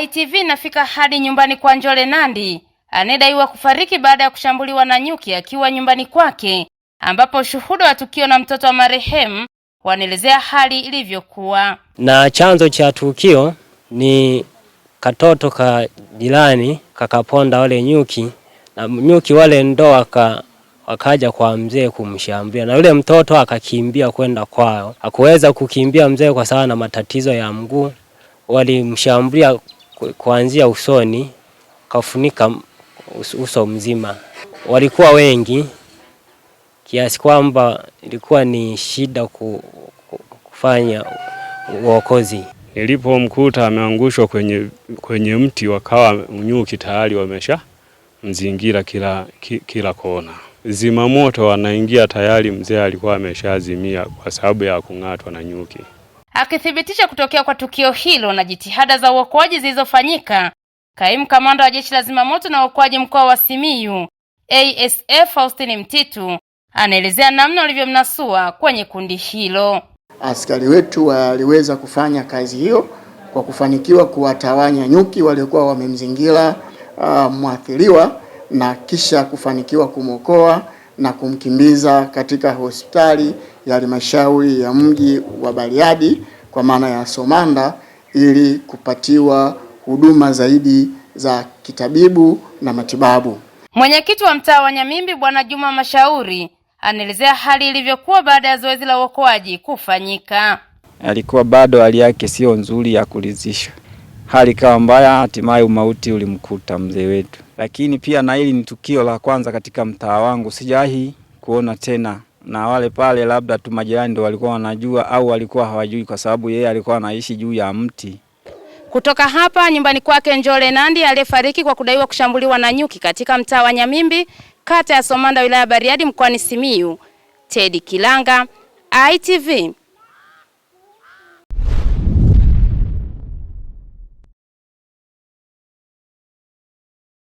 ITV inafika hadi nyumbani kwa Njole Nandi anayedaiwa kufariki baada ya kushambuliwa na nyuki akiwa nyumbani kwake, ambapo shuhuda wa tukio na mtoto wa marehemu wanaelezea hali ilivyokuwa. Na chanzo cha tukio ni katoto ka jirani kakaponda wale nyuki, na nyuki wale ndo waka wakaja kwa mzee kumshambulia, na yule mtoto akakimbia kwenda kwao. Hakuweza kukimbia mzee kwa sababu na matatizo ya mguu, walimshambulia kuanzia usoni kafunika uso mzima. Walikuwa wengi kiasi kwamba ilikuwa ni shida kufanya uokozi. Nilipomkuta ameangushwa kwenye, kwenye mti, wakawa nyuki tayari wamesha mzingira kila, kila kona. Zimamoto wanaingia tayari, mzee alikuwa ameshazimia kwa sababu ya kung'atwa na nyuki. Akithibitisha kutokea kwa tukio hilo na jitihada za uokoaji zilizofanyika, kaimu kamanda wa jeshi la zimamoto na uokoaji mkoa wa Simiyu ASF Faustini Mtitu anaelezea namna walivyomnasua kwenye kundi hilo. Askari wetu waliweza kufanya kazi hiyo kwa kufanikiwa kuwatawanya nyuki waliokuwa wamemzingira uh, mwathiriwa na kisha kufanikiwa kumwokoa na kumkimbiza katika hospitali ya halmashauri ya mji wa Bariadi kwa maana ya Somanda ili kupatiwa huduma zaidi za kitabibu na matibabu. Mwenyekiti wa mtaa wa Nyamimbi Bwana Juma Mashauri anaelezea hali ilivyokuwa baada ya zoezi la uokoaji kufanyika. Alikuwa bado hali yake sio nzuri ya kuridhisha, hali ikawa mbaya, hatimaye umauti ulimkuta mzee wetu. Lakini pia na hili ni tukio la kwanza katika mtaa wangu, sijawahi kuona tena na wale pale labda tu majirani ndo walikuwa wanajua au walikuwa hawajui, kwa sababu yeye alikuwa anaishi juu ya mti. Kutoka hapa nyumbani kwake Njole Nandi aliyefariki kwa kudaiwa kushambuliwa na nyuki katika mtaa wa Nyamimbi, kata ya Somanda, wilaya ya Bariadi, mkoani Simiyu. Tedi Kilanga, ITV.